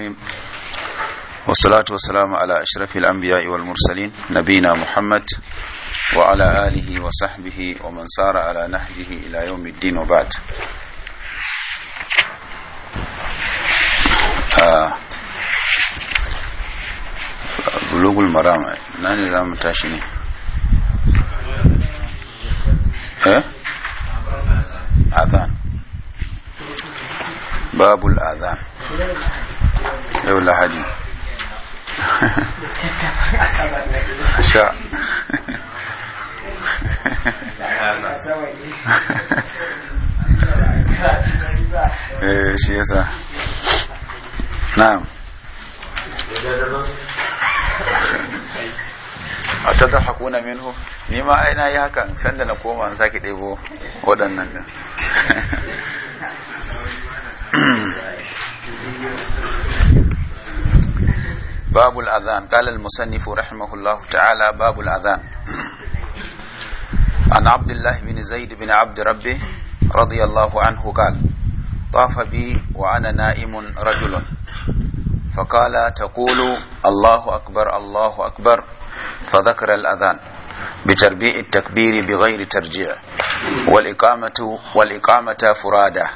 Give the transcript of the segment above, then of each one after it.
الرحيم والصلاة والسلام على أشرف الأنبياء والمرسلين نبينا محمد وعلى آله وصحبه ومن سار على نهجه إلى يوم الدين وبعد آه، بلوغ المرام ناني ذا متاشني ها إيه؟ أذان باب الأذان yau lahadi sha eh shi yasa na'am a tattar hakuna minhu ni ma aina yi hakan sanda na koma an sake ɗebo waɗannan da باب الأذان قال المصنف رحمه الله تعالى باب الأذان عن عبد الله بن زيد بن عبد ربه رضي الله عنه قال طاف بي وأنا نائم رجل فقال تقول الله أكبر الله أكبر فذكر الأذان بتربيع التكبير بغير ترجيع والإقامة والإقامة فرادة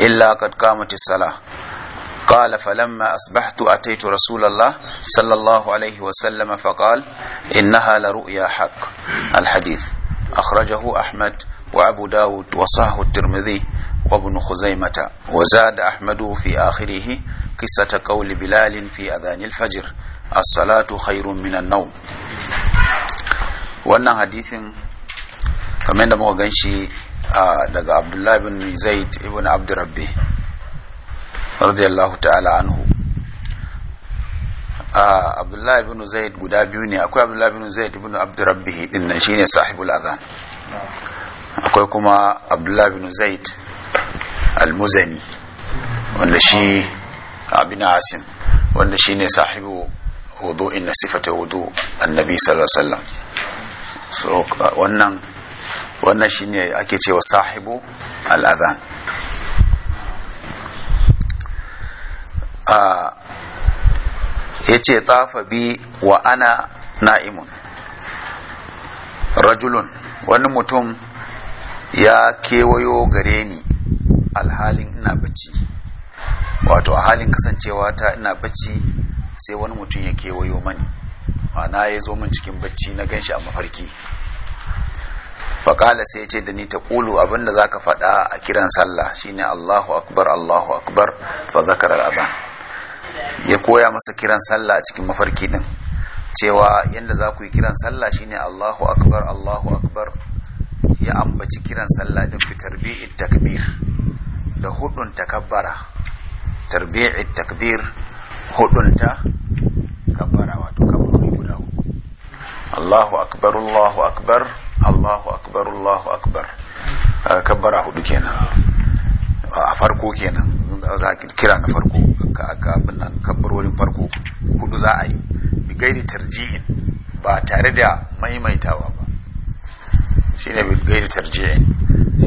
إلا قد قامت الصلاة قال فلما أصبحت أتيت رسول الله صلى الله عليه وسلم فقال إنها لرؤيا حق الحديث أخرجه أحمد وأبو داود وصاه الترمذي وابن خزيمة وزاد أحمد في آخره قصة قول بلال في أذان الفجر الصلاة خير من النوم wannan hadisin kamar da muka ganshi daga abdullahi bin zaid ibn abdurrabbi radiyallahu ta'ala anhu ah, abdullahi ibn zaid guda biyu ne akwai abdullahi ibn zaid ibn abdurrabbih din nan shine sahibul adhan akwai kuma abdullahi ibn zaid al-muzani wanda shi abin asim wanda shi ne sahibu hudu na sifata hudu annabi sallallahu alaihi wasallam so wannan wannan shi ne ake cewa sahibu al-adhan a ya ce tsafa bi wa ana na'imun rajulun wani mutum ya kewayo gare ni alhalin ina bacci wato a halin kasancewa ta ina bacci sai wani mutum ya kewayo mani ma'ana ya zo min cikin bacci na ganshi a mafarki faƙala sai ce da ni ta ƙulu abinda za ka faɗa a kiran sallah shine allahu akbar allahu akbar fa zakarar abin ya koya masa kiran sallah a cikin mafarki din cewa yadda za ku yi kiran sallah shine Allahu akbar Allahu akbar ya ambaci kiran sallah din fi tarbi'it takbir da hudun takabbara tarbi'it takbir hudun ta kabbara wato kabbarori guda hudu Allahu akbar Allahu akbar Allahu akbar Allahu akbar kabbara hudu kenan a farko kenan za kiran na farko ka abin nan kabbarorin farko hudu za a yi bi gairi tarji'in ba tare da maimaitawa ba shi ne bi gairi tarji'in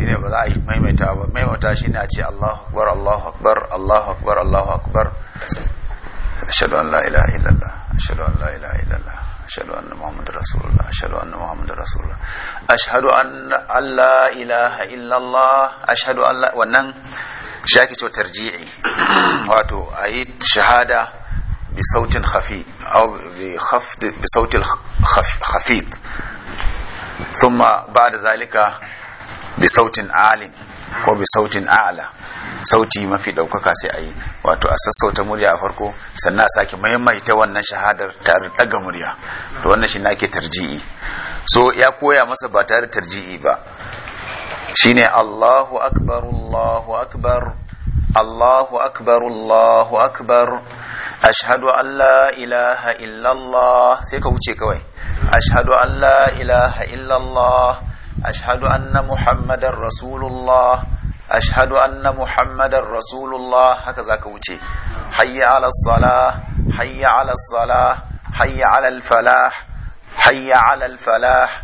ne ba za a yi maimaitawa ba maimaita shi ne a ce Allahu akbar Allahu akbar Allahu akbar Allahu akbar ashhadu an la ilaha illallah ashhadu an la ilaha illallah أشهد أن محمد رسول الله أشهد أن محمد رسول الله أشهد أن لا إله إلا الله أشهد أن لا ونن شاكي تو ترجيعي واتو أيت شهادة بصوت خفي أو بخفض بصوت خفيض ثم بعد ذلك بصوت عالٍ ko bi sautin a'ala sauti mafi ɗaukaka sai a yi wato a sassauta murya a farko sannan a sake maimaita wannan shahadar tare daga murya to wannan shi nake tarji'i so ya koya masa ba tare tarji'i ba shine Allahu akbar Allahu akbar Allahu akbar Allahu akbar ashhadu an la ilaha illallah sai ka wuce kawai ashhadu an la ilaha illallah أشهد أن محمد رسول الله أشهد أن محمد رسول الله هكذا كوتي حي على الصلاة حي على الصلاة حي على الفلاح حي على الفلاح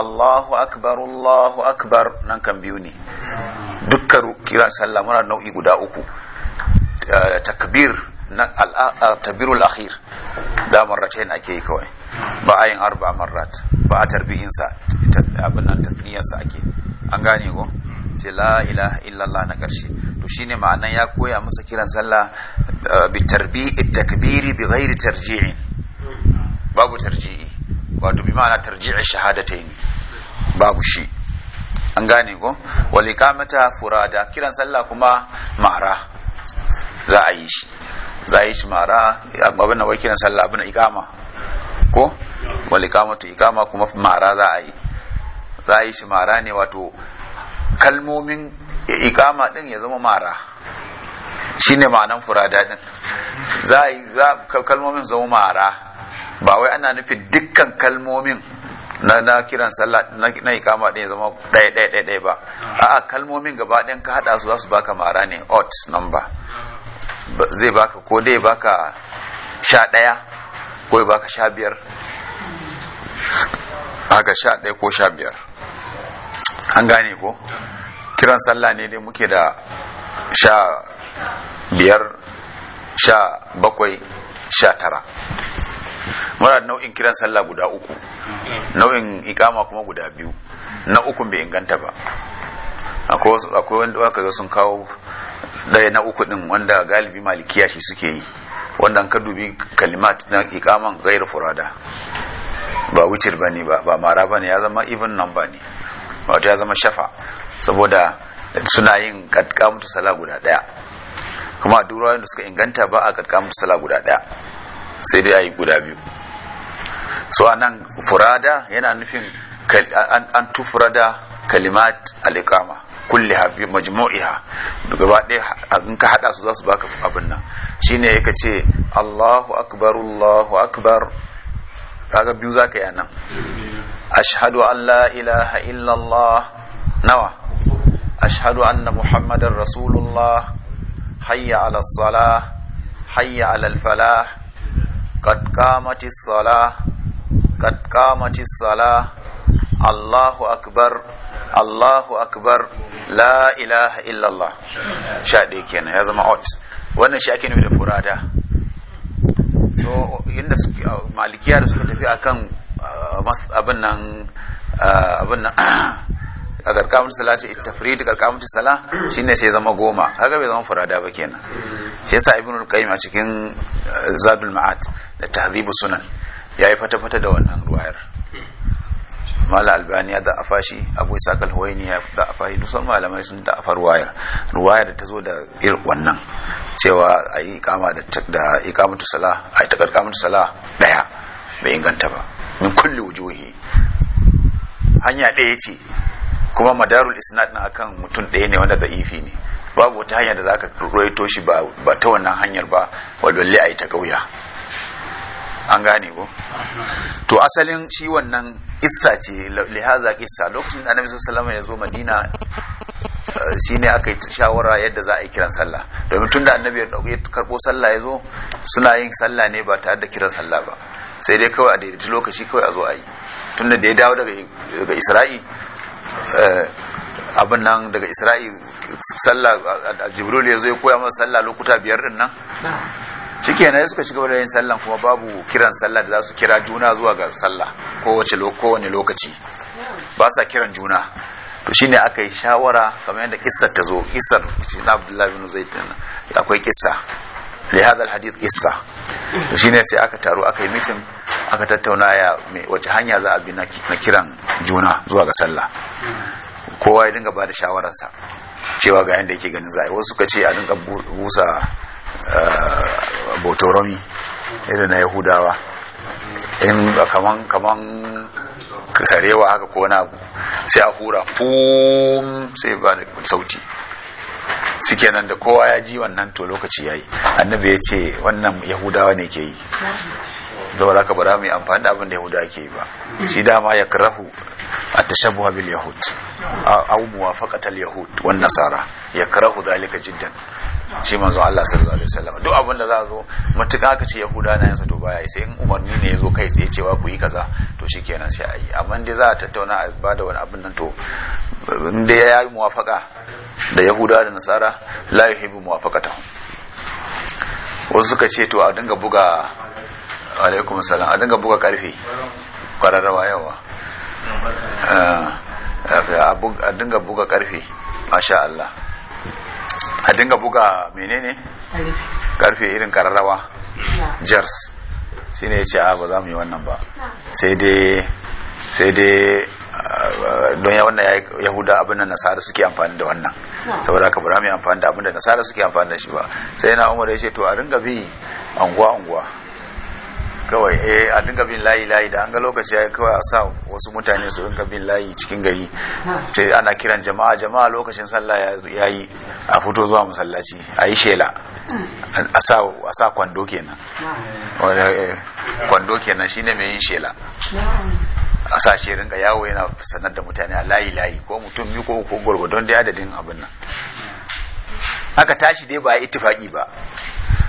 الله أكبر الله أكبر نكم بيوني دكروا كلا سلامنا نوعي قداؤكم takbir na takbirul akhir da marratain ake yi kawai ba a yin arba marrat ba a tarbihinsa abin nan tafniyarsa ake an gane ko ce la ilaha illallah na karshe to shine ma'anan ya koya masa kiran sallah eh, bi tarbi'i takbiri bi ghairi tarji'i babu tarji'i wato bi ma'ana tarji'i shahadatayn babu shi an gane ko wal ikamata furada kiran sallah kuma mara za a yi shi za a yi shi mara abin da wai kiran sallah abin ikama ko wal iqamatu iqama kuma ma'ara za a yi za a yi shi ma'ara ne wato kalmomin iqama din ya zama ma'ara shine ma'anan furada din za a yi kalmomin zama ma'ara ba wai ana nufin dukkan kalmomin na na kiran sallah na ikama ya zama ɗaya ɗaya ɗaya ɗaya ba a'a kalmomin gaba ɗayan ka haɗa su za su baka mara ne ot number zai baka ko dai baka sha ɗaya ko ya baka sha biyar aka sha ɗaya ko sha biyar an gane ko kiran sallah ne dai muke da sha biyar sha bakwai sha tara muna nau'in kiran sallah guda uku nau'in ikama kuma guda biyu na uku bai inganta ba akwai wanda aka ga sun kawo ɗaya na uku ɗin wanda galibi malikiya shi suke yi wanda ka dubi kalimat na ikaman gair furada ba wucir bane ba ba mara bane ya zama even number ne wato ya zama shafa saboda suna yin mutu sala guda daya kuma duro da suka inganta ba a mutu sala guda daya sai dai a yi guda biyu so anan furada yana nufin an tufurada kalimat al-iqama kulliha fi majmu'iha gaba ɗaya in ka hada su za su baka abin nan shine yake ce Allahu akbar Allahu akbar kaga biyu zaka yi nan ashhadu an la ilaha illa Allah nawa ashhadu anna muhammadar rasulullah hayya ala salah hayya ala falah qad qamatis salah qad qamatis salah Allahu akbar Allahu akbar la ilaha illallah sha ɗaya kenan ya zama out wannan shi ake nufi da furada so inda malikiya da suka tafi akan abin nan abin nan a karkamun sala shine sai zama goma kaga bai zama furada ba kenan shi yasa ibnul qayyim a cikin eh, zadul ma'at da tahdhibu sunan yayi fata fata da wannan ruwayar mala albani ya da'afa shi abu isa kalhuwaini ya da'afa fashi. dusan malamai sun da'afa ruwayar ruwayar da ta zo da irin wannan cewa a yi kama da ikamatu sala a yi takarkamatu sala daya bai inganta ba min kulle wujuhi hanya ɗaya ce kuma madarul isnad na akan mutum ɗaya ne wanda za'ifi ne babu wata hanya da za ka roito shi ba ta wannan hanyar ba wadwalle a yi ta kauya an gane ko to asalin shi wannan issa ce lihaza kissa lokacin da annabi sallallahu alaihi wasallam ya zo madina eh, shi ne aka yi shawara yadda za a yi kiran sallah domin tunda annabi ya karbo sallah ya zo suna yin sallah ne ba tare da kiran sallah ba sai dai kawai a daidaita lokaci kawai a zo a yi tunda da ya dawo daga isra'i eh, abin nan daga isra'i sallah jibril ya zo ya koya masa sallah lokuta biyar din nan ne suka shiga da yin sallan kuma babu kiran sallah da za su kira juna zuwa ga sallah kowace kowane lokaci ba sa kiran juna to shine aka yi shawara kamar yadda kissar ta zo kissar shi na abdullahi bin zaid akwai kissa li hadha al hadith kissa to shine sai aka taro aka yi meeting aka tattauna ya wace hanya za a bi na kiran juna zuwa ga sallah kowa ya dinga bada shawararsa cewa ga yanda yake ganin za a yi wasu suka ce a dinga busa eh, Botoromi irin na yahudawa in kaman kaman sarewa haka ko na abu sai a hura fum sai ba da sauti suke nan da kowa ya ji wannan to lokaci ya yi annabi ya ce wannan yahudawa ne ke yi zuwa da ba za mu yi amfani da abin da yahuda ke yi ba shi dama ya karahu a tashabuwa bil yahud abubuwa muwafaqatal yahud wannan nasara ya karahu zalika jiddan shi manzo Allah sallallahu alaihi wasallam duk abin da za zo mutuka aka ce yahuda na yansa to baya sai in umarni ne ya kai tsaye cewa ku yi kaza to shikenan sai ayi yi amma inda za a tattauna a bada wani abin nan to in ya yi muwafaka da yahuda da nasara la yuhibbu muwafaqata wasu suka ce to a dinga buga alaikum salam a dinga buga karfe kwararrawa yawa eh, a dinga buga karfi masha Allah a dinga buga menene karfe irin kararrawa jars shi ne ya ce a ba za mu yi wannan ba sai dai sai dai uh, don ya wannan yahuda abin da nasara suke amfani da wannan saboda ka bura mai amfani da abin da nasara suke amfani da shi ba sai na umar ya ce to a ringa bi anguwa anguwa kawai eh, a dinga bin layi layi da an ga lokaci ya kawai a sa wasu mutane su dinga bin layi cikin gari ce ana kiran jama'a jama'a lokacin sallah ya yi a fito zuwa masallaci a yi shela a sa kwando kenan eh, kwando kenan shine mai yin shela a sa shi rinka yawo yana sanar da mutane a layi layi ko mutum ko ko da adadin abin nan Haka tashi dai ba a itifaki ba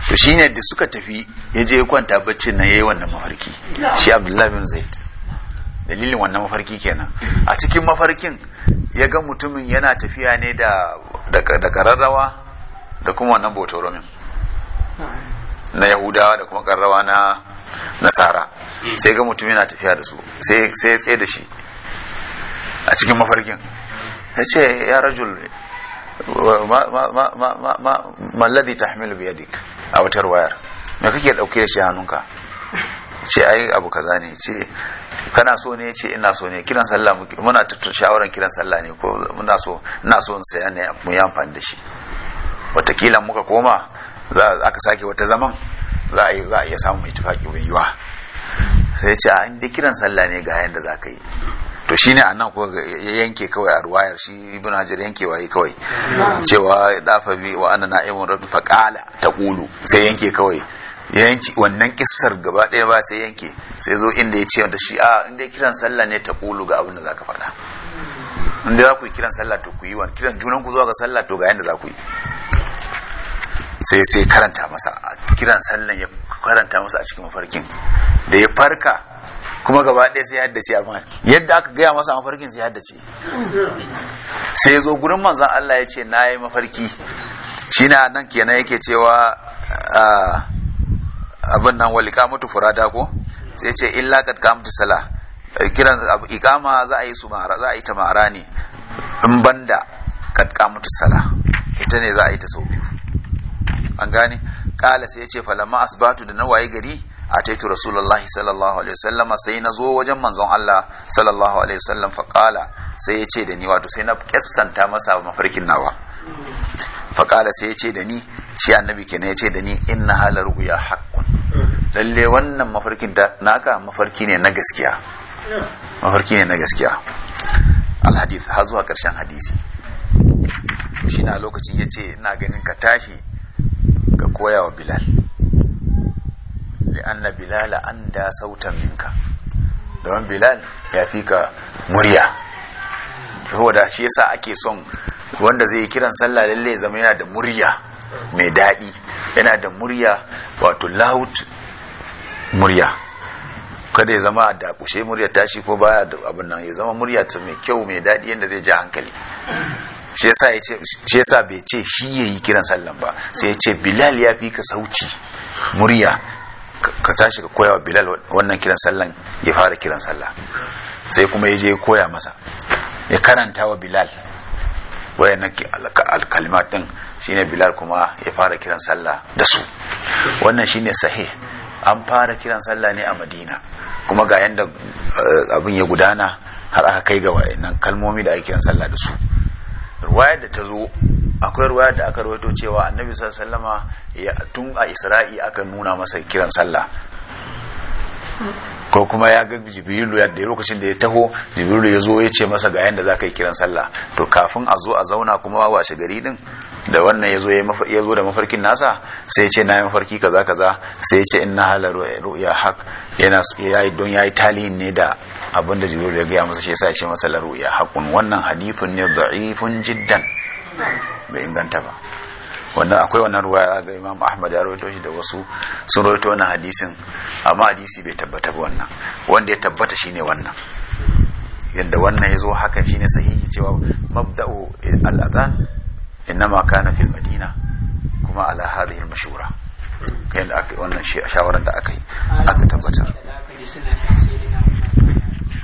to shine da suka tafi ya je kwanta baccin nan yayi wannan mafarki shi abdullahi bin zaid dalilin wannan mafarki kenan a cikin mafarkin ya ga mutumin yana tafiya ne da da kararrawa da kuma wannan botoromin na yahudawa da kuma karrawa na nasara sai ga mutumin yana tafiya da su sai sai da shi a cikin mafarkin ya ce ya rajul Malladi ta hamilu biyadik a wutar wayar me kake dauke da shi hannunka ce ai abu kaza ne ce kana so ne ce ina so ne kiran sallah muna shawaran kiran sallah ne ko muna so ina so in saya ne mu yi amfani da shi watakila muka koma za aka sake wata zaman za a yi za a iya samun mai tufaki mai yiwa sai ce a inda kiran sallah ne ga yanda za ka yi to shine annan ko yanke kawai a ruwayar shi ibn hajar yanke waye kawai cewa dafa bi wa ana na'imun rabin fa qala taqulu sai yanke kawai yanki wannan kissar gaba ɗaya ba sai yanke sai zo inda ya ce wanda shi a inda kiran sallah ne ta ƙulu ga abin da za ka faɗa inda za ku yi kiran sallah to ku yi wani kiran junan ku zuwa ga sallah to ga yadda za ku yi sai sai karanta masa kiran sallan ya karanta masa a cikin mafarkin da ya farka kuma gaba ɗaya sai haddace a mafarki yadda aka gaya masa mafarkin sai haddace sai ya zo gurin manzan Allah ya ce na yi mafarki shi na nan kenan yake cewa abin nan walika mutu furada ko sai ce illa kad mutu sala eh, kiran ikama za a yi su za a yi ta ma'ara ne in banda kad mutu sala ita ne za a yi ta sau biyu an gane kala sai ya ce falamma asbatu da nawaye gari ataitu rasulullah sallallahu alaihi wasallam sai na zo wajen manzon Allah sallallahu alaihi wasallam fa qala sai ce da ni wato sai na kessanta masa mafarkin nawa fa sai sai ce da ni shi annabi kenan ce da ni inna hala ruya haqqun lalle wannan mafarkin da naka mafarki ne na gaskiya mafarki ne na gaskiya al hadith har zuwa karshen hadisi shi na lokacin yace ina ganin ka tashi ka koya wa bilal anna bilal anda sautan minka don bilal ya fi ka murya saboda shi yasa ake son wanda zai yi kiran sallah lalle zama yana da murya mai daɗi yana da murya wato loud murya kada ya zama da kushe murya tashi ko baya da abin nan ya zama murya ta mai kyau mai daɗi yadda zai ji hankali shi yasa bai ce shi yayi kiran sallan ba sai ya ce bilal ya fi ka sauci murya ka tashi ka koya wa bilal wannan kiran sallan ya fara kiran sallah sai kuma ya je ya koya masa ya karanta wa bilal wayannan alkalimat din shine bilal kuma ya fara kiran sallah da su wannan shine sahih an fara kiran sallah ne a madina kuma ga yanda eh, abin ya gudana har aka kai ga wayannan kalmomi da ake kiran sallah da su ruwayar da ta zo akwai ruwaya da aka rawaito cewa annabi sallama tun a isra'i aka nuna masa kiran sallah ko kuma ya ga jibrilu ya da lokacin da ya taho jibrilu ya zo ya ce masa ga yanda za ka yi kiran sallah to kafin a zo a zauna kuma washe gari din da wannan ya zo ya zo da mafarkin nasa sai ya ce na yi mafarki kaza kaza sai ya ce in na halar ru'ya hak yana yi don yi talihin ne da abin da jibrilu ya gaya masa shi ya ce masa la ru'ya hakun wannan hadithun ne da'ifun jiddan bai inganta ba wannan akwai wannan ruwa ga imam ahmad ya rawaito shi da wasu sun rawaito wannan hadisin amma hadisi bai tabbata ba wannan wanda ya tabbata shine wannan yadda wannan ya zo hakan shine sahihi cewa mabda'u al-adhan innama kana fil madina kuma ala hadhihi al-mashura da aka wannan shi a shawaran da aka yi aka tabbata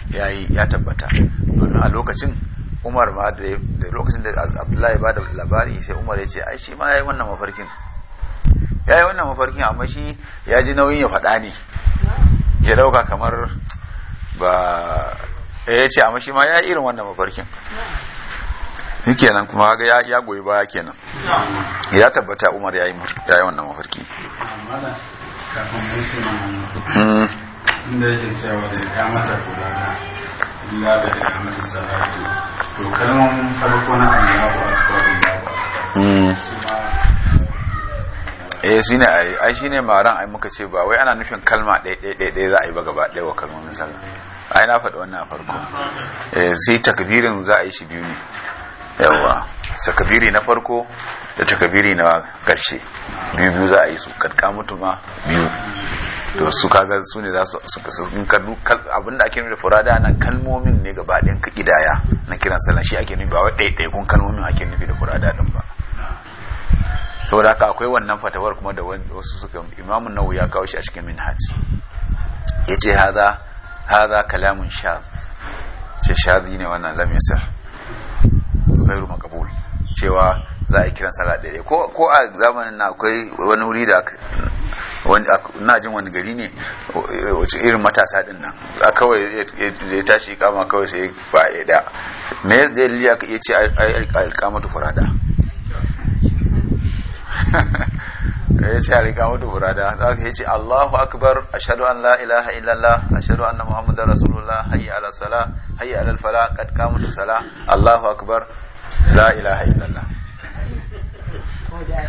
yayi ya tabbata Don a lokacin umar ma da lokacin da abdullahi ba da labari sai umar ya ce ai shi ma ya yi wannan mafarkin ya yi wannan mafarkin amma shi ya ji nauyin ya faɗa ne ya dauka kamar ba eh, ya ce amma shi ma ya yi irin wannan mafarkin kenan kuma ga ya goyi baya kenan ya tabbata umar ya yi wannan mafarki hmm. inda yake cewa da ya mata kula da illa da ya mata salatu na hmm. eh shi ne ai ai shi ne maran ai muka ce ba wai ana nufin kalma ɗaya za a yi ba gaba ɗaya wa kalmomin sallah ai na faɗi wannan a farko eh sai takbirin za a yi shi biyu ne yawa takbiri na farko da takbiri na ƙarshe biyu biyu za a yi su kadka mutuma biyu to su kaga su ne za su abin da ake nufi da furada nan kalmomin ne gaba ɗayan ka kidaya na kiran sallah shi ake nufi ba wai ɗaiɗaikun kalmomin ake nufi da furada din ba saboda haka akwai wannan fatawar kuma da wasu suka imamun nawu ya kawo shi a cikin minhaj ya ce haza haza kalamun shaz ce shazi ne wannan lam yasir gairu cewa za a yi kiran sallah ɗaya ko a zamanin na akwai wani wuri da na jin wani gari ne wace irin matasa din nan a kawai ya tashi kama kawai sai ba ya da me ya zai liya ka iya ce alkamatu furada ya ce alkamatu furada za ka ce allahu akbar ashadu an la ilaha illallah ashadu anna muhammadar rasulullah hayya ala sala hayya ala alfala kad kamutu sala allahu akbar la ilaha illallah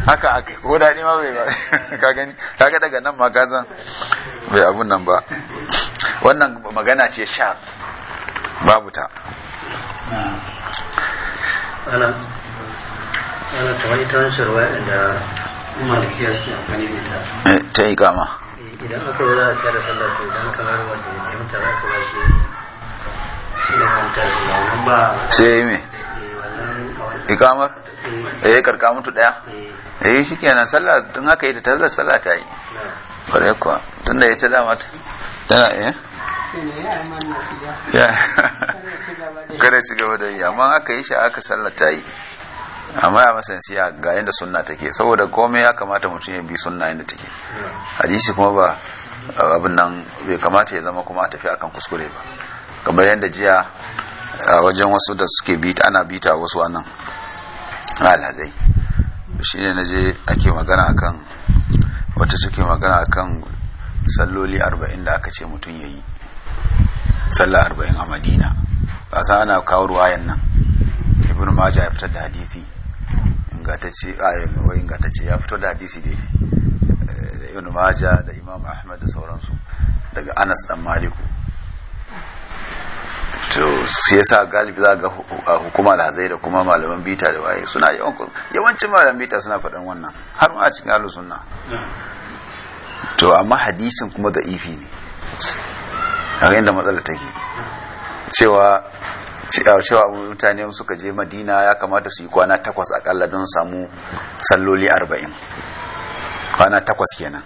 haka aka ko daɗi ma bai ba ka gani kaga daga nan ma gazan bai abun nan ba wannan magana ce sha babu ta ana ana tawai ta wancan ruwa da malikiya suke amfani da eh, ta. ta yi kama eh, idan aka yi za a kyara sallar to idan kamar wanda ya mutu za ka ba shi shi ta ba sai yi me eh, ikamar ya mm. eh, karka mutu daya mm. eh, shi kenan sallah tun haka yi ta tazar sallah ta yi kware mm. kuwa tun da ita dama tana eh? ya. kare ci gaba da yi amma aka yi shi aka sallah ta yi amma ya masan siya ga yadda sunna take saboda komai ya kamata mutum ya bi sunna yadda take hadisi kuma ba abin nan bai kamata ya zama kuma a tafi akan kuskure ba kamar yadda jiya a wajen wasu da suke bita ana bita wasu anan alhazai shi ne je ake magana akan wata suke magana akan salloli arba'in da aka ce mutum ya yi sallar arba'in a madina ƙasa ana kawo ruwayan nan ibn maja ya fitar da hadisi ingantacce a ingantacce ya fito da hadisi dai eh, da ibn maja da imam ahmad da sauransu daga anas dan maliku to sai yasa galibi za ga hukuma da hazai da kuma malaman bita da waye suna yawan yawancin malaman bita suna faɗan wannan har ma a cikin ahlus sunna to amma hadisin kuma da ifi ne kaga inda matsala take cewa cewa mutane suka je madina ya kamata su yi kwana takwas akalla don samu salloli arba'in kwana takwas kenan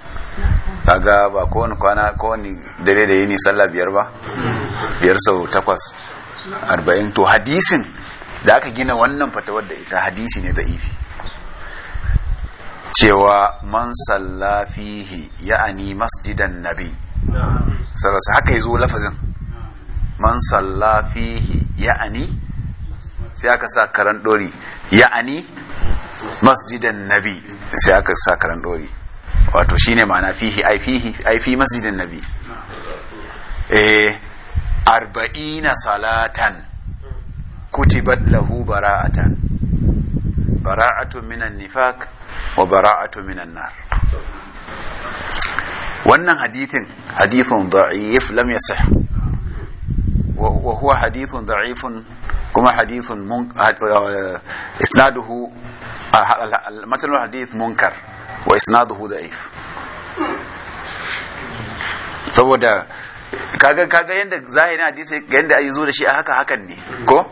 kaga ba kowane kwana kowane dare da yini sallah biyar ba biyar sau takwas arba'in to hadisin da aka gina wannan fatawar da ita hadisi ne da ifi cewa man sallafihi ya'ani masjidan nabi sarasa haka yi zo lafazin man sallafihi ya'ani sai aka sa karan dori ya'ani masjidan nabi sai aka sa karan dori wato shine ma'ana fihi ai fihi ai fi masjidan nabi eh arba'ina salatan kutibat lahu bara'atan bara'atun minan nifaq wa bara'atun minan nar wannan hadithin hadithun da'if lam yasih wa huwa hadithun da'ifun kuma hadithun isnaduhu matan hadith munkar wa isnaduhu da'if saboda kaga kaga yanda zahirin hadisi yanda ayi zo da shi a haka hakan ne ko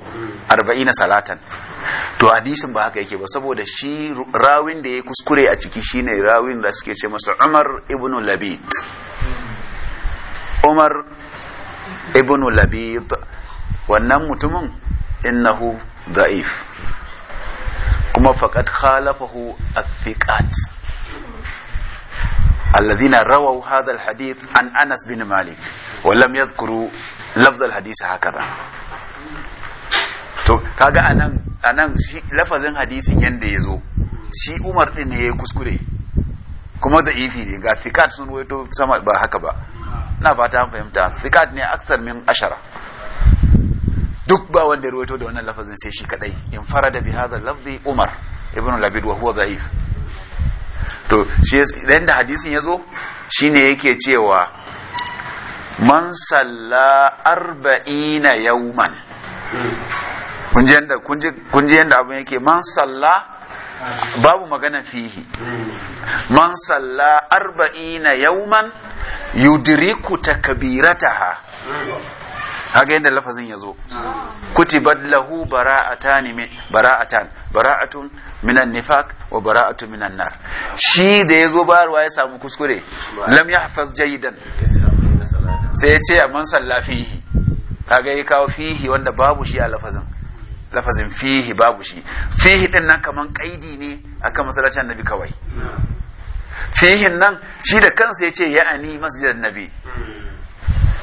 40 salatan to hadisin ba haka yake ba saboda shi rawin da ya kuskure a ciki shine rawin da suke ce masa Umar ibn Labid Umar ibn Labid wannan mutumin innahu da'if kuma faqad khalafahu athiqat الذين رووا هذا الحديث عن أنس بن مالك ولم يذكروا لفظ الحديث هكذا to kaga anan anan shi lafazin hadisin yanda yazo shi Umar din ne ya kuskure kuma da ifi ne ga sikat sun wato sama ba haka ba na fata an fahimta sikat ne aksar min ashara duk ba wanda ya rawaito da wannan lafazin sai shi kadai in farada bi hadha lafzi Umar ibn Labid wa huwa to shi idan da hadisin ya zo shine yake cewa man salla arba'ina yauman kun ji yadda abin yake man salla babu magana fihi man salla arba'ina yauman yudiriku ha? kaga yadda lafazin ya zo Kuti, lahu bara'atan bara'atan bara'atun minan nifaq wa bara'atun minan nar shi da yazo barwa ya samu kuskure lam yahfaz jayidan sai ya ce amman sallafihi kaga ya kawo fihi wanda babu shi a lafazin lafazin fihi babu shi fihi din nan kaman kaidi ne akan masallacin annabi kawai fihin nan shi da kansa ya ce ya'ani masjidan nabi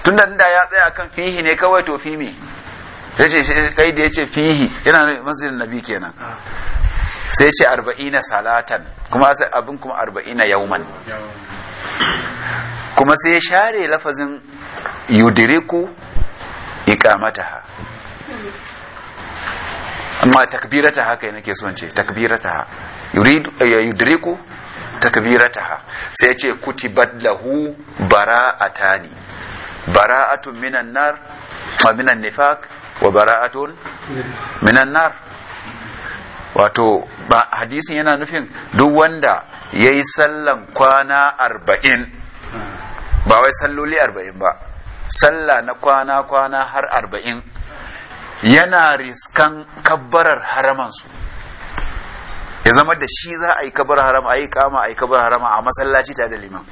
tunda da ya tsaya akan fihi ne kawai to fi me ya ce kai da ya ce fihi yana masjidin nabi kenan sai ce arba'ina salatan kuma sai abin kuma arba'ina yauman kuma sai ya share lafazin yudiriku ha amma takbirata haka nake son ce takbirata eh, yudiriku takbirata sai ya ce kutibat lahu bara'atani bara'atun minan nar wa minan nifaq wa bara'atun minan nar wato ba hadisin yana nufin duk wanda ya yi sallan kwana arba'in ba wai salloli arba'in ba salla na kwana-kwana har arba'in yana riskan kabbarar haramansu ya zama da shi za a yi kabar harama a yi kama a yi kabar harama a masallaci ta da liman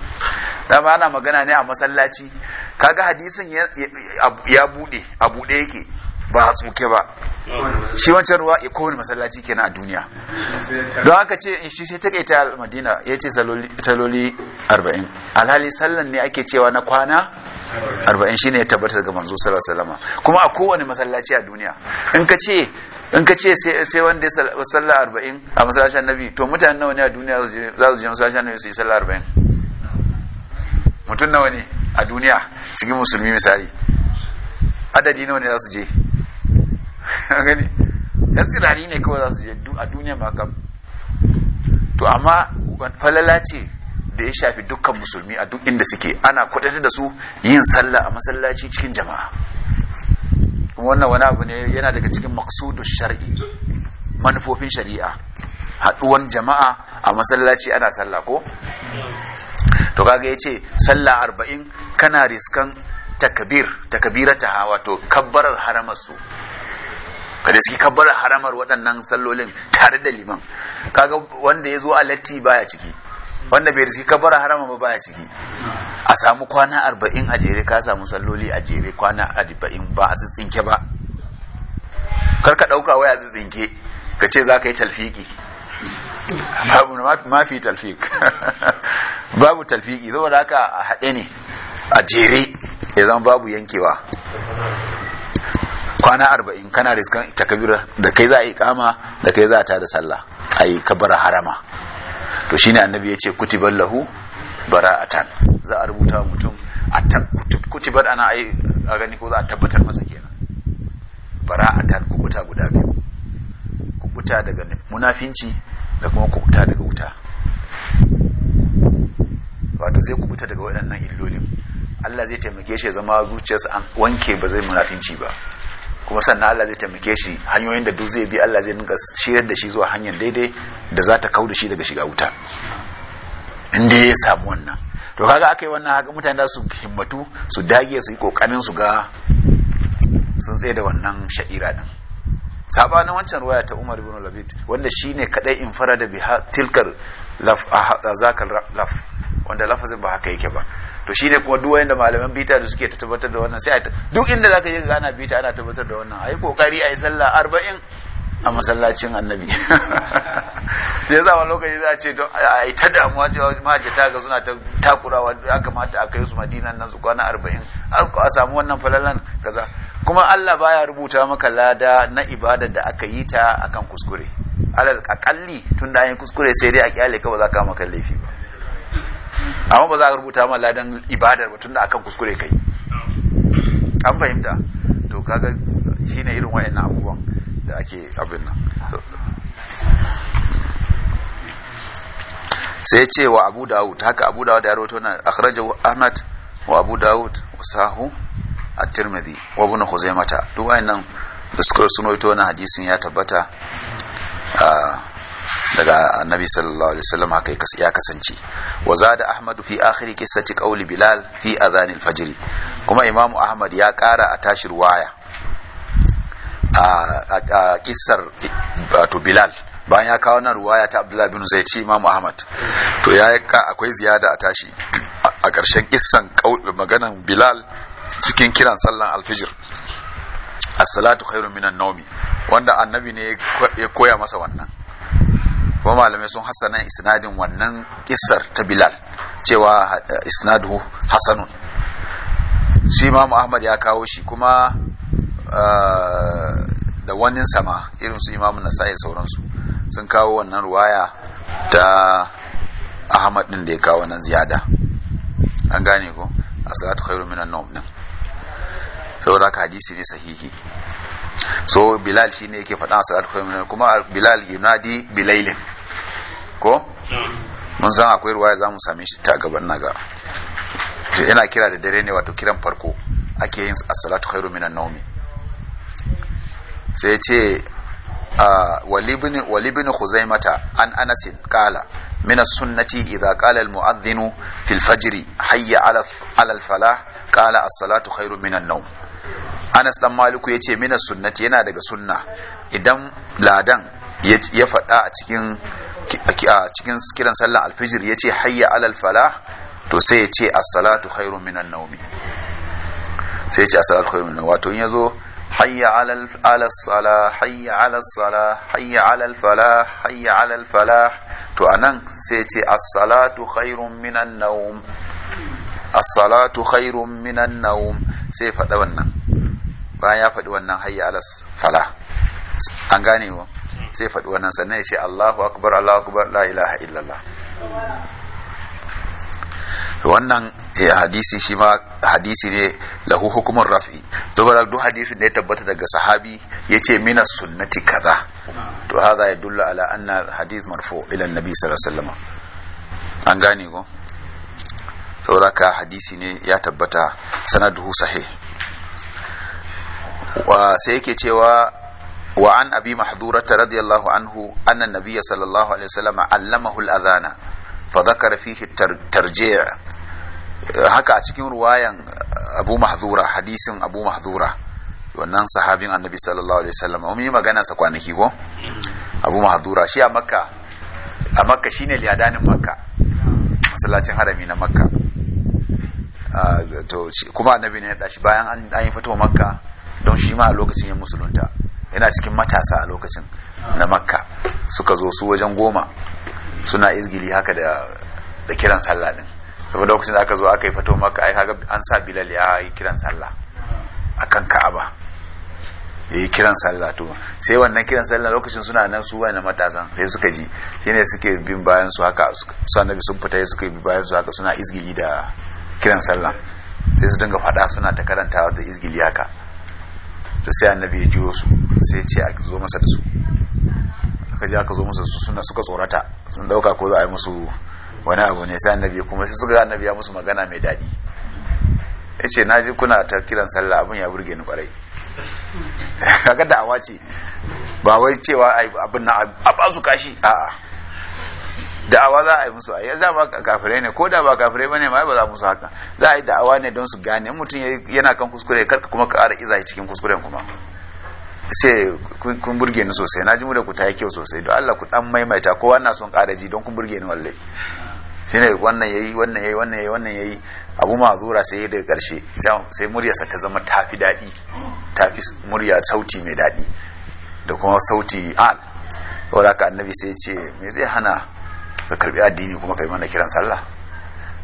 dama ana magana ne a masallaci kaga hadisin ya bude a bude yake ba a tsuke ba shi wancan ruwa ya kowane masallaci kenan a duniya don haka ce shi sai ta kaita al-madina ya ce taloli 40 alhali sallan ne ake cewa na kwana 40 shine ya tabbata daga manzo salama. kuma a kowane masallaci a duniya in ka ce in ka ce sai wanda ya sallah 40 a masallacin nabi to mutane nawa ne a duniya za su je masallacin nabi su yi sallah 40 mutum nawa ne a duniya cikin musulmi misali adadi nawa ne za su je gani yan tsirari ne kawai za su je a duniya ma kam to amma falala ce da ya shafi dukkan musulmi a duk inda suke ana kudata da su yin sallah a masallaci cikin jama'a kuma wannan wani abu ne yana daga cikin maksudu shar'i manufofin shari'a haduwan jama'a a masallaci ana sallah ko to kaga yace sallah arba'in kana riskan takbir ha wato kabbarar haramar su kada da suke kabbarar haramar waɗannan sallolin tare da liman kaga wanda ya zo a latti baya ciki wanda bai riski kabbarar harama ba baya ciki a samu kwana arba'in a jere ka samu salloli a jere kwana arba'in ba a tsitsinke ba kar ka ɗauka waya tsitsinke ka ce za ka yi talfiki babu ma fi talfiq babu talfiqi saboda haka a haɗe ne a jere idan babu yankewa kwana arba'in kana riskan takabira da kai za a yi kama da kai za a tada sallah a yi kabara harama to shine annabi ya ce kutiban lahu tan za a rubuta mutum a kutiban ana ai a gani ko za a tabbatar masa kenan tan kubuta guda biyu kubuta daga munafinci da kuma kubuta daga wuta wato ku wuta daga waɗannan illolin Allah zai taimake shi zama zuciyarsa an wanke ba zai munafinci ba kuma sannan Allah zai taimake shi hanyoyin da duk zai bi Allah zai nuka shirar da shi zuwa hanyar daidai da za ta kau da shi daga shiga wuta In inda ya samu wannan to kaga aka yi wannan haka mutane su himmatu su dage su yi kokarin su ga sun tsaye da wannan sha'ira din sabanin wancan ruwaya ta Umar ibn Labid wanda shine kadai in fara da tilkar laf ah, zakal laf wanda lafazin ba haka yake ba to shine kuma duk wanda malaman bita da suke tabbatar da wannan sai duk inda zaka je ga ana bita ana tabbatar da wannan ai kokari ai sallah 40 a masallacin annabi sai yasa wani lokaci za a ce don a yi ta damuwa cewa mahajjata ga suna ta takurawa ya kamata a kai su madinan nan su kwana arba'in a samu wannan falalan kaza kuma Allah baya rubuta maka lada na ibada da aka yi ta akan kuskure alal akalli tun da yin kuskure sai dai a kyale ka ba za ka maka laifi ba amma ba za ka rubuta ma ladan ibadar ba tun da akan kuskure kai an fahimta to kaga shine irin wayannan abubuwan da ake abin nan sai ce wa abu dawud haka abu dawud ya rawaito na akhrajahu ahmad wa abu dawud wa sahu at-tirmidhi wa ibn khuzaimah duk wayannan da suka sunoito wannan hadisin ya tabbata daga annabi sallallahu alaihi wasallam haka ya kasance wa zada ahmad fi akhir qissati qawli bilal fi adhan al-fajr kuma imamu ahmad ya kara a tashi ruwaya a kissar wato bilal bayan ya kawo nan ruwaya ta abdullah bin zaid shi imamu ahmad to ya akwai ziyada a tashi a ƙarshen kissan maganan bilal cikin kiran sallan alfijir as-salatu khairun minan nawmi wanda annabi ne ya koya masa wannan kuma malamai sun hasana isnadin wannan kissar ta bilal cewa eh, isnadu hasanun shi imamu ahmad ya kawo shi kuma eh, da wani sama irin su imamu nasa'i sauransu sun kawo wannan ruwaya ta ahmad din da ya kawo nan ziyada an gane ko as-salatu khairun minan nawm saboda haka hadisi ne sahihi so bilal shine yake faɗa a salat kuma bilal yunadi bilailin ko mun san akwai ruwaya za mu same shi ta gaban naga yana kira da dare ne wato kiran farko ake yin as-salatu khairu minan nawmi sai ce walibin walibin khuzaimata an anas qala min as-sunnati idha qala al-mu'adhdhinu fil fajr hayya ala ala al-falah qala as-salatu khairu minan anas dan maliku ya ce mina sunnati yana daga sunna idan ladan ya faɗa a cikin a cikin kiran sallan alfijir ya ce hayya alal falah to sai ya ce as-salatu khairun minan nawmi sai ya ce as-salatu khairun minan wato in yazo hayya alal ala salah hayya alal salah hayya alal falah hayya alal falah to anan sai ya ce as-salatu khairun minan nawm as-salatu khairun minan nawm sai ya faɗa wannan bayan ya faɗi wannan hayya alas fala an gane wa sai faɗi wannan sannan ya ce Allahu akbar Allahu akbar la ilaha illallah wannan eh, hadisi shi ma hadisi ne lahu hukumun raf'i to ba duk hadisi ne ya tabbata daga sahabi yace mina sunnati kaza to hadha yadullu ala anna hadith marfu ila annabi sallallahu alaihi wasallam an gane ko saboda hadisi ne ya tabbata sanaduhu sahih wa sai yake cewa wa an abi mahdurata radiyallahu anhu anna nabiyya sallallahu alaihi wasallam allamahu al-adhana fa dhakara fihi tarji' haka a cikin ruwayan abu mahdura hadisin abu mahdura wannan sahabin annabi sallallahu alaihi wasallam mun yi magana sa kwanaki ko abu mahdura shi a makka a makka shine liyadanin makka masallacin harami na makka ah, to kuma annabi ne ya dashi bayan an yi fito makka don shi ma a lokacin ya musulunta yana cikin matasa a lokacin na makka suka zo su wajen goma suna izgili haka da kiran sallah din saboda lokacin da aka zo aka yi fito makka ai kaga an sa bilal ya yi kiran sallah akan ka'aba ya yi kiran sallah to sai wannan kiran sallah lokacin suna nan su wani matasan sai suka ji shine suke bin bayan su haka su annabi sun fita suka bi bayan su haka suna izgili da kiran sallah sai su dinga faɗa suna ta karantawa da izgili haka to sai annabi ya jiyo su sai ce a zo masa da su aka ji aka zo masa su suna suka tsorata sun dauka ko za a yi musu wani abu ne sai annabi kuma sai suka annabi ya musu magana mai daɗi ya ce na ji kuna ta kiran sallah abin ya burge ni kwarai kaga da'awa ce ba wai cewa abin na a ba su kashi a'a da'awa za a yi musu ayi da ba kafirai ne ko da ba kafirai bane ma ba za musu haka za a yi da'awa ne don su gane mutum yana kan kuskure karka kuma ka ƙara iza cikin kuskuren kuma sai kun burge ni sosai na ji mu da ku ta yake kyau sosai don Allah ku dan maimaita ko wannan son ƙara ji don kun burge ni wallahi shine wannan yayi wannan yayi wannan yayi wannan yayi abu zura sai daga karshe sai muryarsa ta zama tafi daɗi tafi murya sauti mai daɗi da kuma sauti al wadaka ka annabi sai ce me zai hana ka karbi addini kuma ka yi mana kiran sallah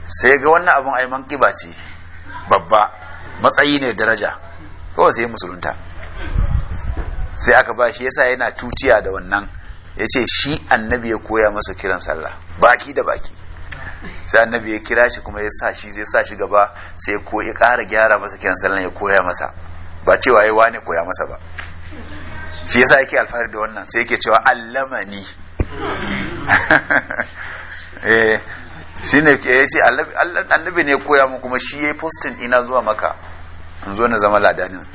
sai ga wannan abun ai kiba ce babba matsayi ne daraja kawai sai musulunta sai aka ba shi yasa yana tuciya da wannan yace shi annabi ya koya masa kiran sallah baki da baki sai annabi ya kira shi kuma ya sa shi zai sa shi gaba sai ko ya ƙara gyara masa kiran sallah ya koya masa ba cewa ya wane koya masa ba shi yasa yake alfahari da wannan sai yake cewa allama ni. eh shi ne ya ce annabi ne koya mu kuma shi ya yi postin ina zuwa maka in zo na zama ladanin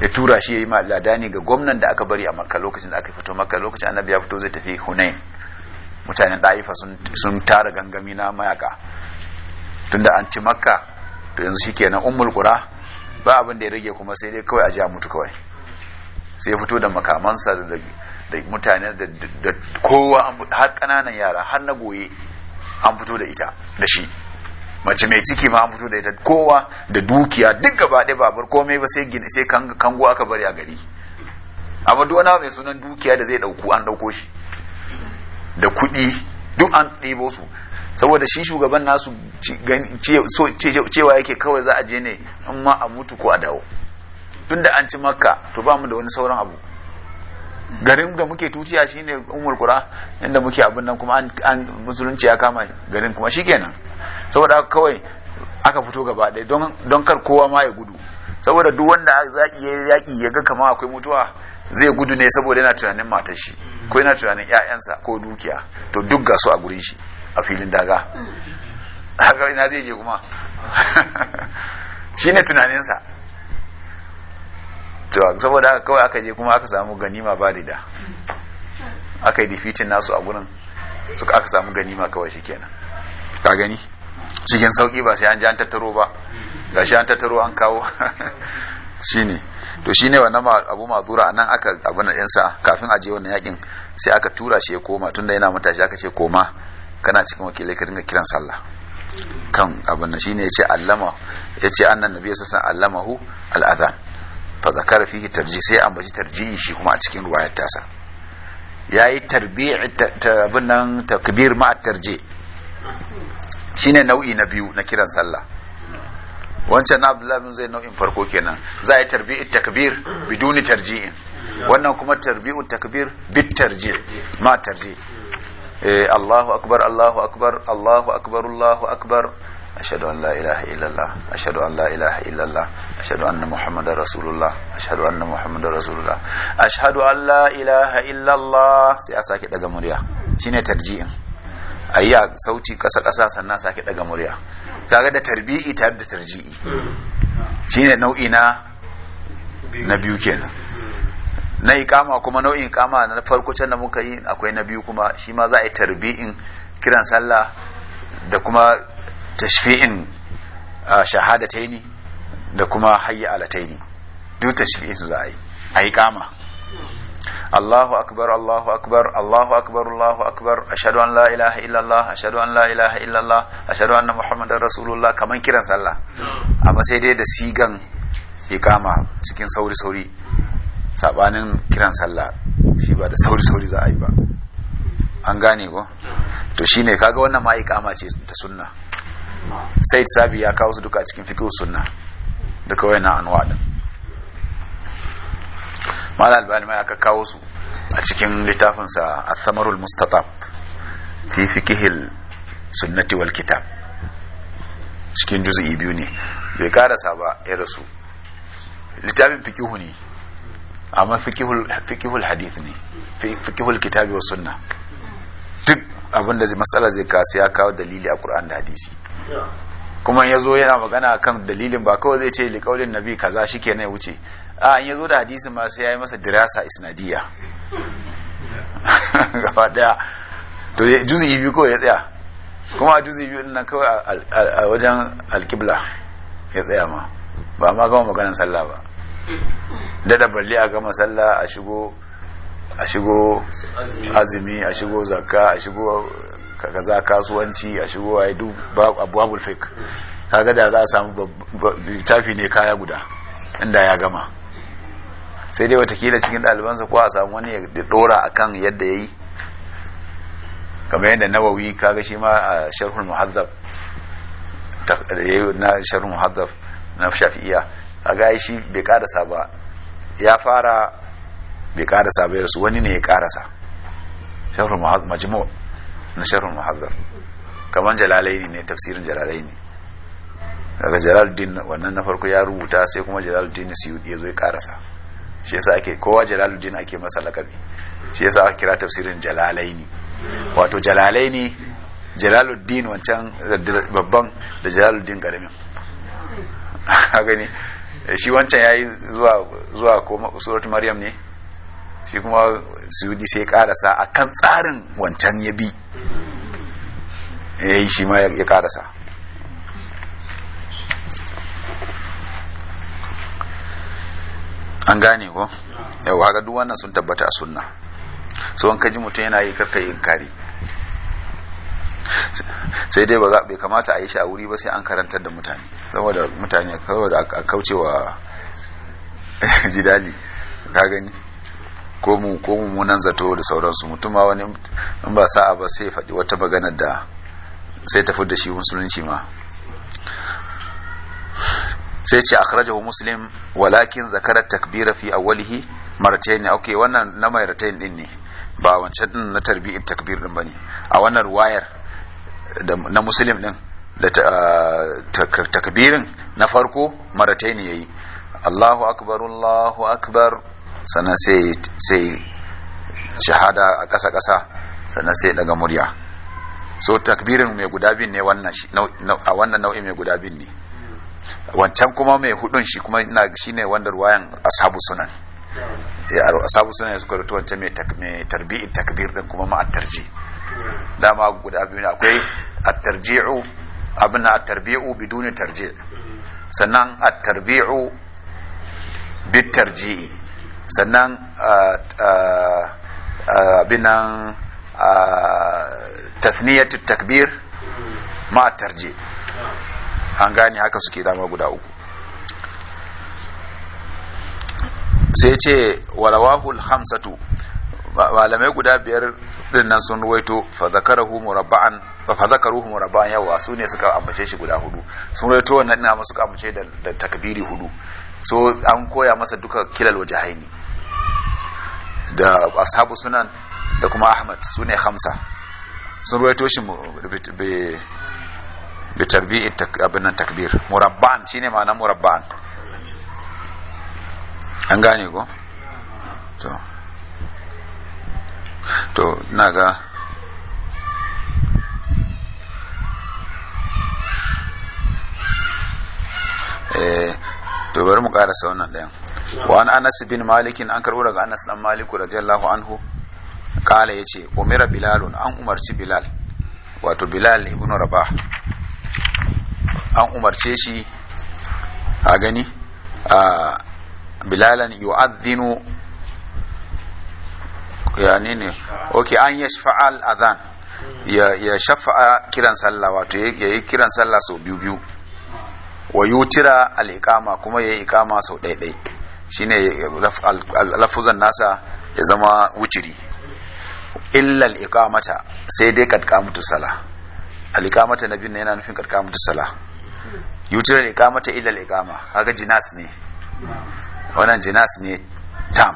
ya tura shi ya yi ladani ga gwamnan da aka bari a makka lokacin da aka fito makka lokacin annabi ya fito zai tafi hunain mutanen ɗaifa sun tara gangami na mayaka Tun da an ci makka to yanzu shi kenan ummul qura ba abin da ya rage kuma sai dai kawai a ji a mutu kawai sai ya fito da makamansa da da mutane da kowa har kananan yara har na goye an fito da ita da shi mace mai ciki ma an fito da ita kowa da dukiya duk gaba ɗaya babar komai ba sai gini sai kango aka bari a gari amma duk wani mai sunan dukiya da zai ɗauku an ɗauko shi da kuɗi duk an ɗebo su saboda shi shugaban nasu cewa yake kawai za a je ne in a mutu ko a dawo tunda an ci makka to ba mu da wani sauran abu garin da muke tuciya shine umul qura inda muke abin nan kuma an musulunci ya kama garin kuma shikenan saboda haka kawai aka fito gaba ɗaya don kar kowa ma ya gudu saboda duk wanda zaki ya yaki ya ga kama akwai mutuwa zai gudu ne saboda yana tunanin matar shi ko yana tunanin ƴaƴansa ko dukiya to duk ga su a gurin shi a filin daga mm. haka ina zai je kuma shine tunaninsa to saboda haka kawai aka je kuma aka samu ganima da, aka yi defeating nasu a gurin suka aka samu ganima kawai shikenan ka gani cikin sauki ba sai an ji an tattaro ba ga shi an tattaro an kawo shine to shine wannan abu mazura nan aka abu na yansa kafin a je wannan yakin sai aka tura shi ya koma tun da yana matashi aka ce koma kana cikin wakilai ka dinga kiran sallah kan abu na shine ce allama ce annan nabi sallallahu alaihi wasallam allamahu al fa zakara fihi tarji sai ambaci tarji'i shi kuma a cikin ruwayar tasa yayi tarbi'i ta abin nan takbir ma tarji shine nau'i na biyu na kiran sallah wancan na abdullahi bin zai nau'in farko kenan za a yi tarbi'i takbir biduni tarji'in wannan kuma tarbi'u takbir bit tarji' ma tarji' eh, Allahu akbar Allahu akbar Allahu akbar Allahu akbar أشهد أن لا إله إلا الله أشهد أن لا إله إلا الله أشهد أن محمد رسول الله أشهد أن محمد رسول الله أشهد أن لا إله إلا الله سيأسا كده جمهوريا شين ترجيع أيا صوتي كسا كسا سنة سا كده جمهوريا كده تربيعي تبدأ ترجيع شين نوعنا na biyu kenan na ikama kuma nau'in ikama na farko can da muka yi akwai na biyu kuma shi ma za a yi tarbi'in kiran sallah da kuma tashfi'in shahadataini da kuma hayya alataini duk tashfi'in su za a yi a yi kama Allahu akbar Allahu akbar Allahu akbar Allahu akbar ashhadu an la ilaha illallah ashhadu an la ilaha illallah ashhadu anna muhammadar rasulullah kaman kiran sallah amma sai dai da sigan kama cikin sauri sauri sabanin kiran sallah shi ba da sauri sauri za a yi ba an gane ko to shine kaga wannan ma ce ta sunna sai sabi ya kawo su duka cikin fiqh sunna duka wai na an mal albani Albalima ya kawo su a cikin littafin sa samarul mustatab fi fikihil sunnati wal kitab cikin juz'i biyu ne bai karasa ba ya rasu littafin fikihu ne amma fikihul hadith ne fikihul kitabi wa sunna duk abinda zai matsala zai kasu ya kawo dalili a ƙura'an da hadisi kuma ya zo yana magana kan dalilin ba kawai zai ce liƙaulin nabi kaza shi ke ya wuce a in ya zo da hadisin ma sai ya yi masa dirasa isnadiya gaba daya to juzi biyu kawai ya tsaya kuma a juzi biyu nan kawai a wajen alkibla ya tsaya ma ba ma gama maganin sallah ba Da balli a gama sallah a shigo a shigo azumi a shigo zakka a shigo kaga za kasuwanci a shigo a duk abubuwan fake kaga da za a samu littafi ne kaya guda inda ya gama sai dai watakila cikin ɗalibansa ko a samu wani ya ɗora a kan yadda ya yi kamar yadda nawawi kaga shi ma a sharhul muhazzab na sharhul muhazzab na shafi'iya kaga shi bai karasa ba ya fara bai karasa ba yarsu wani ne ya karasa sharhul muhazzab majmu' na sharhul muhaddar kaman jalalaini ne tafsirin jalalaini daga jalaluddin wannan na farko ya rubuta sai kuma jalaluddin suyudi ya zo ya karasa shi yasa ake kowa jalaluddin ake masa lakabi shi yasa aka kira tafsirin jalalaini wato jalalaini jalaluddin wancan babban da jalaluddin karamin gani eh, shi wancan yayi zuwa zuwa ko surat maryam ne shi kuma suyudi sai karasa a kan tsarin wancan ya bi ya eh, shi ma ya karasa an gane ko yau haka duk wannan sun tabbata a sunna so an kaji mutum yana yi karka yin kari sai dai ba za bai kamata a yi shi a wuri ba sai an karantar da mutane saboda mutane a kaucewa jidali ka gani ko mu ko mummunan zato da sauransu mutum ma wani in ba sa'a ba sai faɗi wata maganar da sai tafi da shi musulunci ma sai ce akhrajahu muslim walakin zakara takbira fi awwalihi martayn okay wannan na martayn din ne ba wancan din na tarbiyyar takbir din bane a wannan ruwayar na muslim din da takbirin na farko martayn yayi Allahu akbar Allahu akbar sannan sai shahada a ƙasa-ƙasa sannan sai daga murya so takbirin mai guda bin ne a wannan nau'in mai guda bin ne wancan kuma mai hudun shi kuma shi ne wanda ruwayan asabu sunan asabu sunan suka rutu wancan mai tarbi'in takbir din kuma ma'an dama guda biyu akwai attarji'u tarjiu abin at-tarbi'u biduni tarji sannan attarbi'u tarbiu bit sannan abinan ah, ah, ah, tathniyatu takbir ma tarje an gane haka suke dama guda uku sai ce Walawahul hamsatu malamai guda biyar din nan sun ruwaito fa murabba'an yawa su ne suka ambace shi guda hudu sun ruwaito wannan ina masu suka da takbiri hudu so an koya masa duka kilal wajahaini da ashabu sunan da kuma ahmad su ne hamsa sun ruwaito shi bi tarbi'i abinan takbir murabba'an shine ma'anar murabba'an an gane ko to to na ga eh to bari mu karasa wannan ɗayan wa an anas bin malikin an karɓo daga anas dan maliku radiyallahu anhu kala yace umira bilalun an umarci bilal wato bilal ibn rabah an umarce shi a gani a bilalan yu'adhinu yani ne okay an yashfa'al adhan ya ya shafa'a kiran sallah wato yayi kiran sallah sau biyu biyu wa yutira al-iqama kuma yayi iqama sau ɗaiɗai shine lafuzan nasa ya zama wuciri illa al-iqamata sai dai kad mutu sala al-iqamata nabiyyin yana nufin kad mutu sala yutira al-iqamata illa al-iqama haka jinas ne wannan jinas ne tam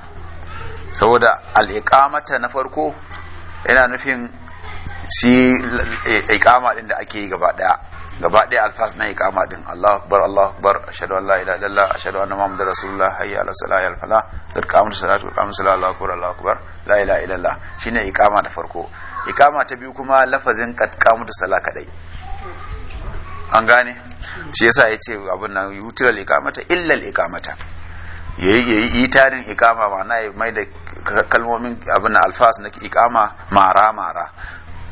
saboda al-iqamata na farko yana nufin shi iqama din da ake yi gaba daya gaba ɗaya alfas na kama ɗin. Allahu akbar Allahu akbar ashhadu an la ilaha illallah ashhadu anna muhammadar rasulullah hayya ala salah al fala kad qamat salatu kamun salah Allah akbar Allah akbar la ilaha shi ne ikama da farko ikama ta biyu kuma lafazin kad qamat sala kaɗai. an gane shi yasa ce abun nan yutilal ikamata illal ikamata Ya yi tarin ma na ya mai da kalmomin abin alfas na ikama mara mara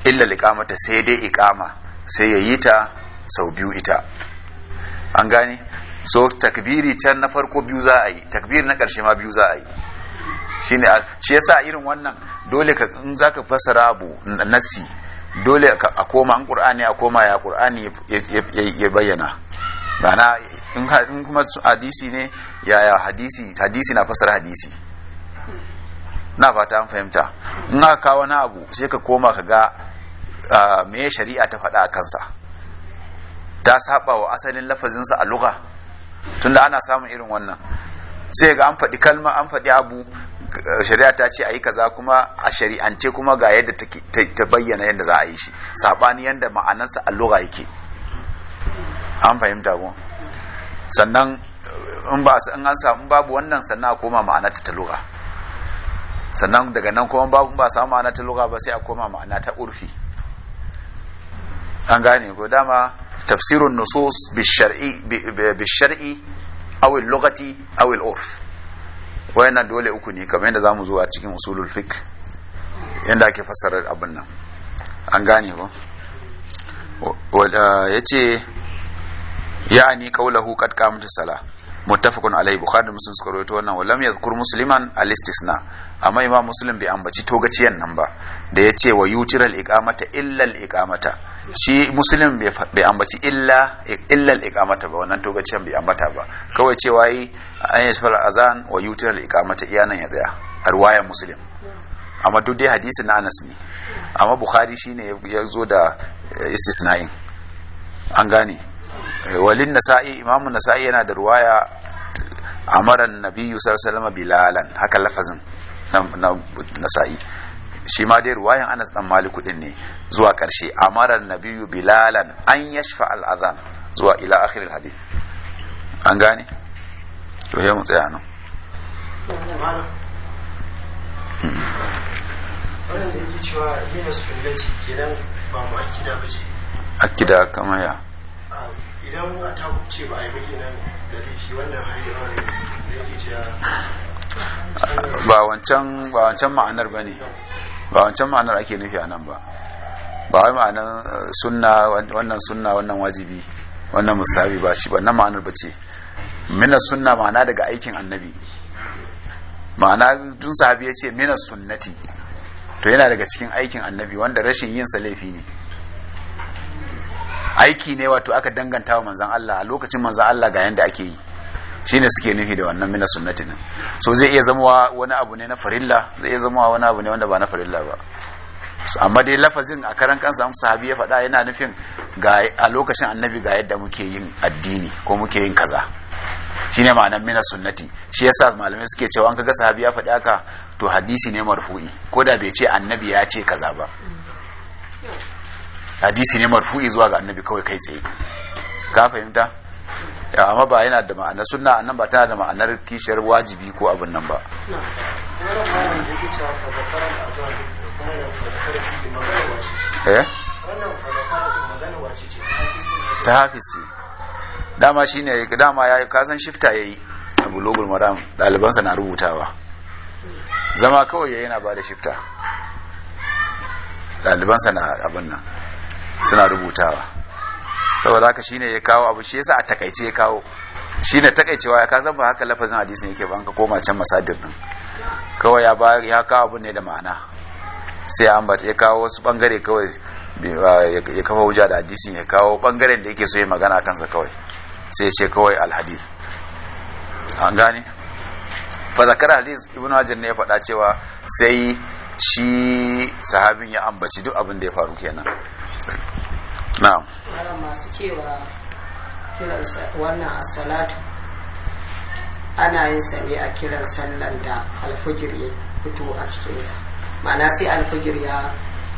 illal ikamata sai dai ikama sai ya yi ta sau biyu ita an gane so takbiri can na farko biyu za a yi takbiri na ƙarshe ma biyu za a yi ne shi yasa irin wannan dole ka in ka fassara abu nasi dole a koma an ƙur'ani a koma ya ƙur'ani ya bayyana bana in kuma hadisi ne yaya hadisi hadisi na fasara hadisi na fata an fahimta in aka kawo na abu sai ka koma ka ga ah, me shari'a ta faɗa a kansa ta saba wa asalin lafazinsa a lugha tunda ana samun irin wannan sai ga an faɗi kalma an faɗi abu shari'a ta ce a yi kaza kuma a shari'ance kuma ga yadda ta bayyana yadda za a yi shi saɓani yadda ma'anansa a lugha yake an fahimta ko sannan in ba in an samu babu wannan sannan a koma ma'ana ta lugha sannan daga nan kuma babu ba samu ma'ana ta lugha ba sai a koma ma'ana ta urfi an gane ko dama تفسير النصوص بالشرعي بالشرعي أو اللغة أو العرف ne kamar أكوني كمان إذا مزوا أتشكي أصول الفقه inda ake fassara abin nan an gane ba ya ce ya ni kaulahu kad kamta sala muttafaqun alai bukhari da muslim suka rawaito wannan walam yadhkur musliman al istisna amma imam muslim bai ambaci togaciyan nan ba da yace wa yutiral iqamata illa al iqamata shi musulun bai ambaci illa illal iqamata ba wannan togacin bai ambata ba kawai cewa yi an yi shafar azan wa yutar iqamata iyanan ya tsaya a ruwayan musulun amma duk dai hadisi na anas ne amma bukhari ne ya zo da eh, istisna'in an gane eh, walin nasa'i imamu nasa'i yana da ruwaya amaran nabiyyu sallallahu alaihi wasallam bilalan haka lafazin na nasa'i shi ma dai ruwayan anas dan maliku din ne zuwa karshe amara nabiyyu bilalan an yashfa al azan zuwa ila akhir al hadith an gane to ya mu tsaya nan ba akida ba kama ya idan ta kuce ba a yi da wannan ba wancan ma'anar ba ne ba wancan ma'anar ake nufi a nan ba ba wai ma'anar eh, sunna wannan sunna wannan wajibi wannan musabi ba shi ba na ma'anar ba ce mina sunna ma'ana daga aikin annabi ma'ana tun sahabi ya ce mina sunnati to yana daga cikin aikin annabi wanda rashin yin sa laifi ne aiki ne wato aka danganta wa manzan Allah a lokacin manzan Allah ga yanda ake yi shine suke nufi da wannan mina sunnati din so zai iya zama wani abu ne na farilla zai iya zama wani abu ne wanda ba na farilla ba amma dai lafazin a karan kansa sahabi ya faɗa yana nufin ga a lokacin annabi ga yadda muke yin addini ko muke yin kaza shine ma'anar mina sunnati shi yasa malamai suke cewa an kaga sahabi ya faɗa haka to hadisi ne marfu'i ko da bai ce annabi ya ce kaza ba hadisi ne marfu'i zuwa ga annabi kawai kai tsaye ka fahimta amma ba yana da ma'ana sunna annan ba tana da ma'anar kishiyar wajibi ko abin nan ba eh ta hafisi dama ne dama yi kasan shifta yi a bulogul maram dalibansa na rubutawa zama kawai ya yana da shifta dalibansa na abin nan suna rubutawa saboda haka shine ya kawo abu shi yasa a takaice ya kawo shine takaicewa ya kasan ba haka lafazin hadisin yake ba an ka koma can masadir din kawai ya ba ya kawo abu ne da ma'ana sai ya ambata ya kawo wasu bangare kawai ya kafa wuja da hadisin ya kawo bangaren da yake so ya magana kansa kawai sai ya ce kawai alhadis. an gane fa zakara hadis ibnu hajar ne ya faɗa cewa sai shi sahabin ya ambaci duk abin da ya faru kenan na'am masu cewa kiran wannan asalatu ana yin sa ne a kiran sallan da alfajir ya fito a cikin sa ma'ana sai alfajir ya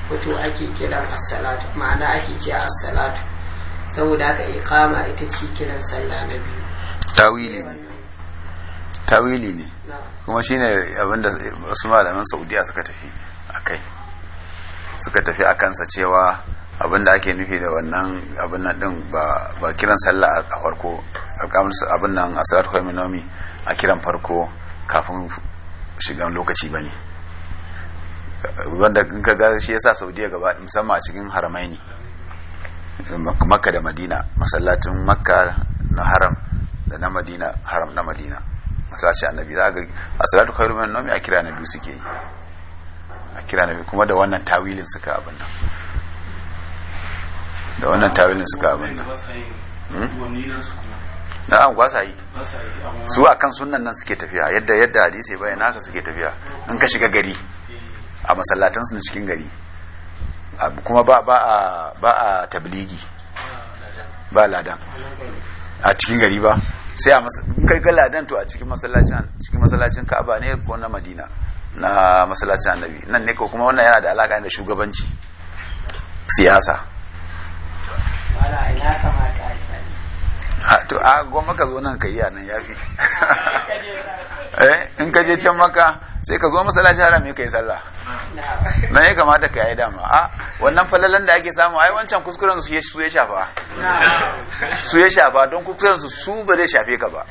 fito ake kiran salatu ma'ana ake ce salatu saboda haka iqama ita ce kiran sallah na biyu tawili ne tawili ne kuma shine abinda wasu malaman saudiya suka tafi akai suka tafi sa cewa Abin da ake nufi da wannan abin nan din ba ba kiran sallah a farko abin nan asalat kwaiminomi a kiran farko kafin shigan lokaci bane wanda in ka ga shi yasa saudiya gaba musamman a cikin haramai ne makka da madina masallacin makka na haram da na madina haram na madina masallacin annabi za ga asalatu khairu min a kira na biyu suke yi a kira na biyu kuma da wannan tawilin suka abin nan da wannan tawilin suka abin nan hmm? na'am an kwasa yi su akan sunan nan suke tafiya yadda yadda hadisi bayan haka suke tafiya in ka shiga gari a masallatansu na cikin gari kuma ba ba a ba a tabligi ba ladan a cikin gari ba sai a kai ga ladan to a cikin masallacin cikin masallacin Ka'aba ne ko na Madina na masallacin Annabi nan ne ko kuma wannan yana da alaka da shugabanci siyasa wala ina kamata a sani ah, to a ah, goma ka zo nan ka yi nan yafi eh in ka je can maka sai ka zo masallaci harami ka yi sallah Na ya kamata ka yi dama a ah, wannan falalan da ake samu ai wancan kuskuren su su ya shafa su ya shafa don kuskuren su su ba zai shafe ka ba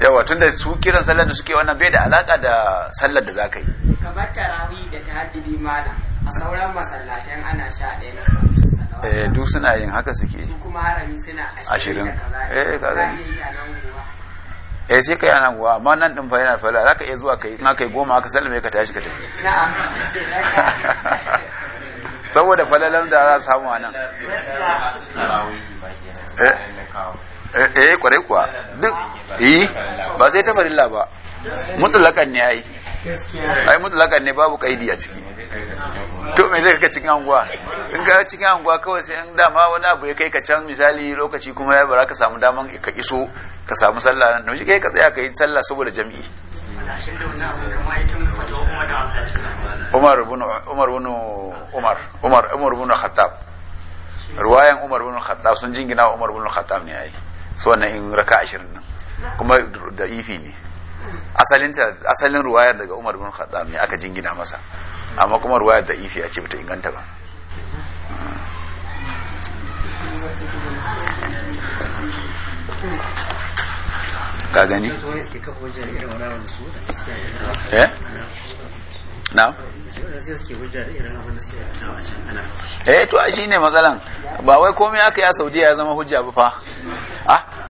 yawa tun da su kiran sallar da suke wannan bai da alaka da sallar da zaka yi kamar tarawih da tahajjudi malam a sauran masallatan ana sha ɗaya na eh duk suna yin haka suke su kuma harami suna ashirin eh ka ga eh sai kai anan guwa amma nan din fa yana fala zaka iya zuwa kai na kai goma aka sallame ka tashi ka tafi na'am saboda falalan da za samu samu anan eh. Eh, eh kwarai kuwa duk eh ba sai ta farilla ba mutlakan ne ai ai mutlakan ne babu kaidi a ciki to me zai ka cikin anguwa in ka cikin anguwa kawai sai in dama wani abu ya kai ka can misali lokaci kuma ya bara ka samu daman ka iso ka samu sallah nan da shi kai ka tsaya ka yi sallah saboda jami'i Umar ibn Umar ibn Umar Umar Umar ibn Khattab ruwayan Umar ibn Khattab sun jingina Umar ibn Khattab ne yayi so wannan in raka 20 nan kuma da ifi ne asalin ruwayar daga Umar bin khaddam ne aka jingina masa amma kuma ruwayar da ifi a ce bata inganta ba ka gani eh na eh to shi ne matsalan ba wai komai aka ya saudiya ya zama hujja ba fa ah